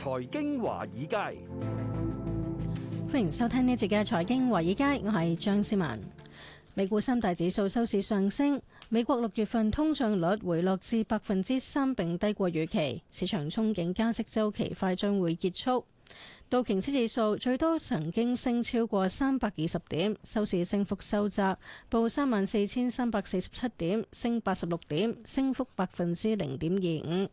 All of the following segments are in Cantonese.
財經華爾街，歡迎收聽呢節嘅財經華爾街，我係張思文。美股三大指數收市上升，美國六月份通脹率回落至百分之三，並低過預期，市場憧憬加息周期快將會結束。道瓊斯指數最多曾經升超過三百二十點，收市升幅收窄，報三萬四千三百四十七點，升八十六點，升幅百分之零點二五。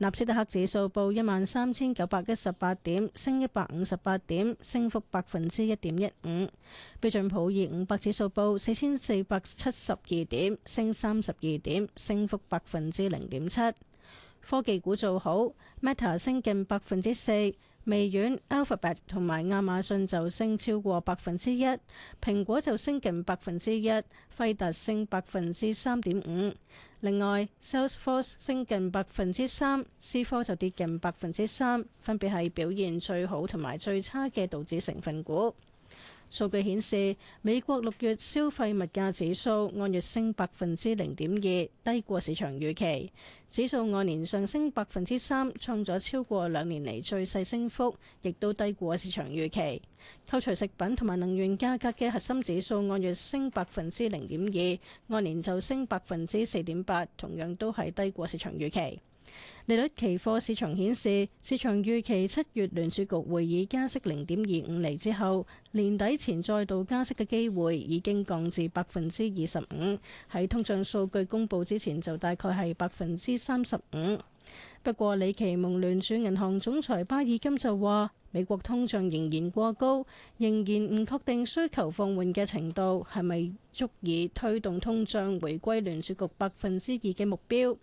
納斯達克指數報一萬三千九百一十八點，升一百五十八點，升幅百分之一點一五。標準普爾五百指數報四千四百七十二點，升三十二點，升幅百分之零點七。科技股做好，Meta 升近百分之四。微軟、Alphabet 同埋亞馬遜就升超過百分之一，蘋果就升近百分之一，輝達升百分之三點五。另外，Salesforce 升近百分之三，思科就跌近百分之三，分別係表現最好同埋最差嘅道指成分股。數據顯示，美國六月消費物價指數按月升百分之零點二，低過市場預期。指數按年上升百分之三，創咗超過兩年嚟最細升幅，亦都低過市場預期。扣除食品同埋能源價格嘅核心指數按月升百分之零點二，按年就升百分之四點八，同樣都係低過市場預期。利率期貨市場顯示，市場預期七月聯儲局會議加息零點二五厘之後，年底前再度加息嘅機會已經降至百分之二十五。喺通脹數據公布之前就大概係百分之三十五。不過，李奇蒙聯儲銀行總裁巴爾金就話，美國通脹仍然過高，仍然唔確定需求放緩嘅程度係咪足以推動通脹回歸聯儲局百分之二嘅目標。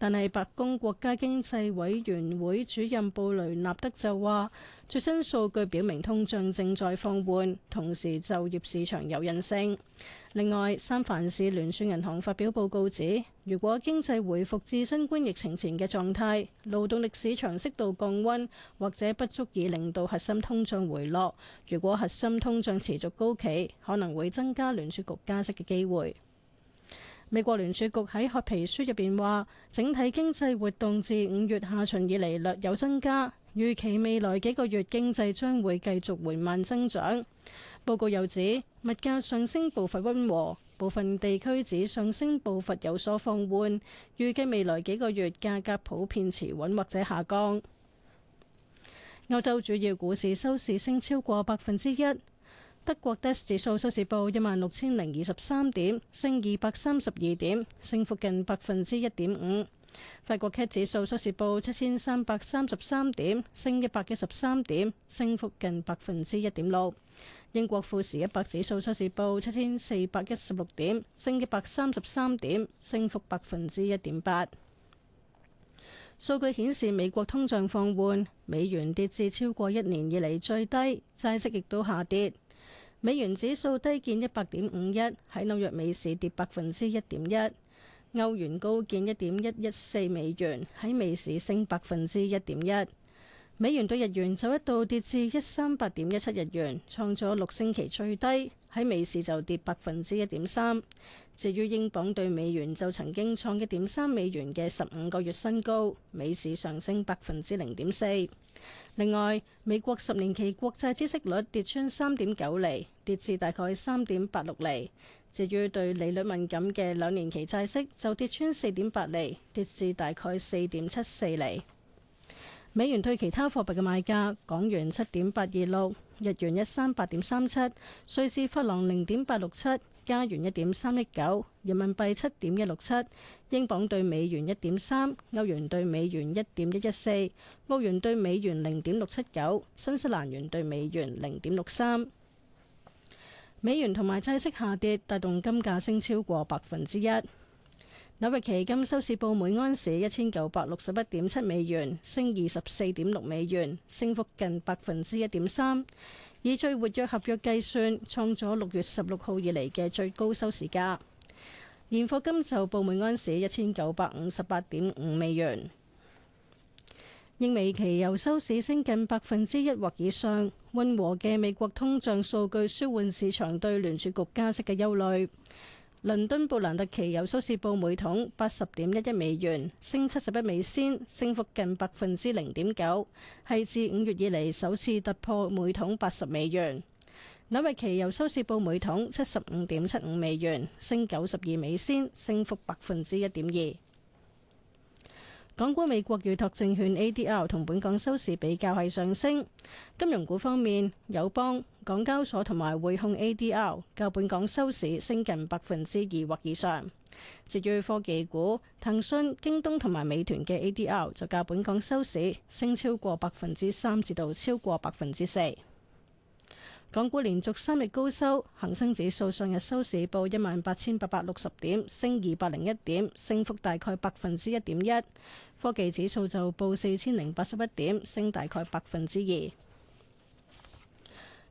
但係白宮國家經濟委員會主任布雷納德就話，最新數據表明通脹正在放緩，同時就業市場有韌性。另外，三藩市聯儲銀行發表報告指，如果經濟回復至新冠疫情前嘅狀態，勞動力市場適度降温或者不足以令到核心通脹回落。如果核心通脹持續高企，可能會增加聯儲局加息嘅機會。美國聯儲局喺褐皮書入邊話，整體經濟活動自五月下旬以嚟略有增加，預期未來幾個月經濟將會繼續緩慢增長。報告又指，物價上升步伐溫和，部分地區指上升步伐有所放緩，預計未來幾個月價格普遍持穩或者下降。歐洲主要股市收市升超過百分之一。德國 DAX 指數收市報一萬六千零二十三點，升二百三十二點，升幅近百分之一點五。法國 CAC 指數收市報七千三百三十三點，升一百一十三點，升幅近百分之一點六。英國富時一百指數收市報七千四百一十六點，升一百三十三點，升幅百分之一點八。數據顯示美國通脹放緩，美元跌至超過一年以嚟最低，債息亦都下跌。美元指數低見一百點五一，喺紐約美市跌百分之一點一。歐元高見一點一一四美元，喺美市升百分之一點一。美元對日元就一度跌至一三八點一七日元，創咗六星期最低。喺美市就跌百分之一點三，至於英鎊對美元就曾經創一點三美元嘅十五個月新高，美市上升百分之零點四。另外，美國十年期國債孳息率跌穿三點九厘，跌至大概三點八六厘。至於對利率敏感嘅兩年期債息就跌穿四點八厘，跌至大概四點七四厘。美元兌其他貨幣嘅賣價：港元七點八二六，日元一三八點三七，瑞士法郎零點八六七，加元一點三一九，人民幣七點一六七，英鎊對美元一點三，歐元對美元一點一一四，澳元對美元零點六七九，新西蘭元對美元零點六三。美元同埋債息下跌，帶動金價升超過百分之一。紐約期金收市報每安士一千九百六十一點七美元，升二十四點六美元，升幅近百分之一點三。以最活躍合約計算，創咗六月十六號以嚟嘅最高收市價。現貨金就報每安士一千九百五十八點五美元。英美期油收市升近百分之一或以上，溫和嘅美國通脹數據舒緩市場對聯儲局加息嘅憂慮。倫敦布蘭特期油收市報每桶八十點一一美元，升七十一美仙，升幅近百分之零點九，係自五月以嚟，首次突破每桶八十美元。紐約期油收市報每桶七十五點七五美元，升九十二美仙，升幅百分之一點二。港股美國預託證券 ADR 同本港收市比較係上升。金融股方面，友邦、港交所同埋匯控 ADR 較本港收市升近百分之二或以上。至於科技股，騰訊、京東同埋美團嘅 ADR 就較本港收市升超過百分之三至到超過百分之四。港股連續三日高收，恒生指數上日收市報一萬八千八百六十點，升二百零一點，升幅大概百分之一點一。科技指數就報四千零八十一點，升大概百分之二。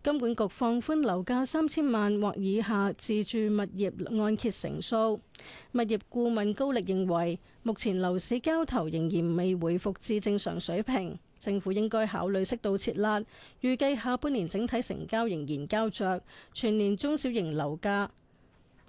金管局放寬樓價三千萬或以下自住物業按揭成數。物業顧問高力認為，目前樓市交投仍然未回復至正常水平。政府應該考慮適度設立，預計下半年整體成交仍然膠着，全年中小型樓價、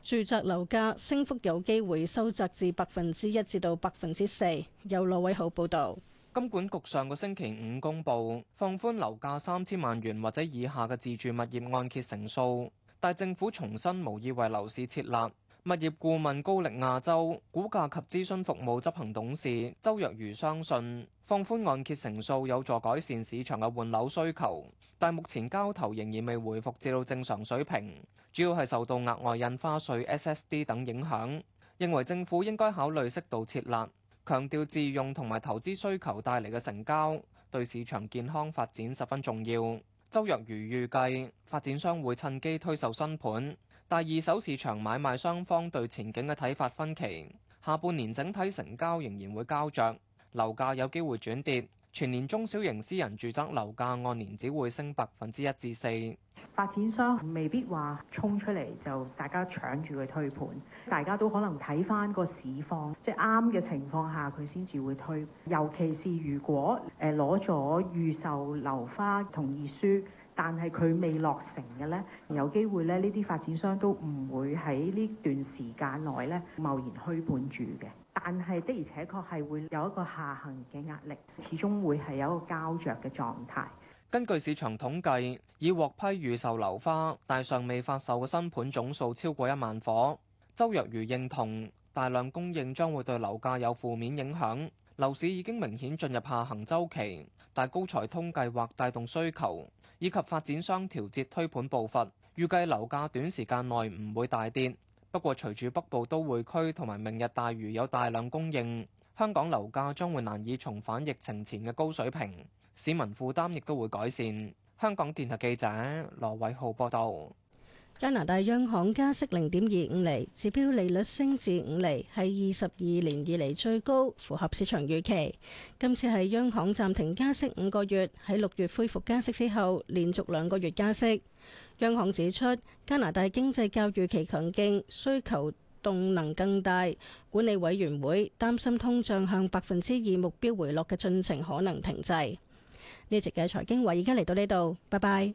住宅樓價升幅有機會收窄至百分之一至到百分之四。由羅偉豪報導，金管局上個星期五公布放寬樓價三千萬元或者以下嘅自住物業按揭成數，但政府重申無意為樓市設立。物業顧問高力亞洲估價及諮詢服務執行董事周若如相信放寬按揭成數有助改善市場嘅換樓需求，但目前交投仍然未回復至到正常水平，主要係受到額外印花稅、SSD 等影響。認為政府應該考慮適度設立，強調自用同埋投資需求帶嚟嘅成交對市場健康發展十分重要。周若如預計發展商會趁機推售新盤。但二手市場買賣雙方對前景嘅睇法分歧，下半年整體成交仍然會膠著，樓價有機會轉跌，全年中小型私人住宅樓價按年只會升百分之一至四。發展商未必話衝出嚟就大家搶住去推盤，大家都可能睇返個市況，即係啱嘅情況下佢先至會推，尤其是如果誒攞咗預售樓花同意書。但係佢未落成嘅呢，有機會咧，呢啲發展商都唔會喺呢段時間內咧，貿然推盤住嘅。但係的而且確係會有一個下行嘅壓力，始終會係有一個膠着嘅狀態。根據市場統計，已獲批預售樓花但尚未發售嘅新盤總數超過一萬夥。周若如認同大量供應將會對樓價有負面影響。樓市已經明顯進入下行周期，但高才通計劃帶動需求，以及發展商調節推盤步伐，預計樓價短時間內唔會大跌。不過，隨住北部都會區同埋明日大嶼有大量供應，香港樓價將會難以重返疫情前嘅高水平，市民負擔亦都會改善。香港電台記者羅偉浩報道。加拿大央行加息零點二五釐，指標利率升至五釐，係二十二年以嚟最高，符合市場預期。今次係央行暫停加息五個月，喺六月恢復加息之後，連續兩個月加息。央行指出，加拿大經濟較預期強勁，需求動能更大。管理委員會擔心通脹向百分之二目標回落嘅進程可能停滯。呢一節嘅財經話，而家嚟到呢度，拜拜。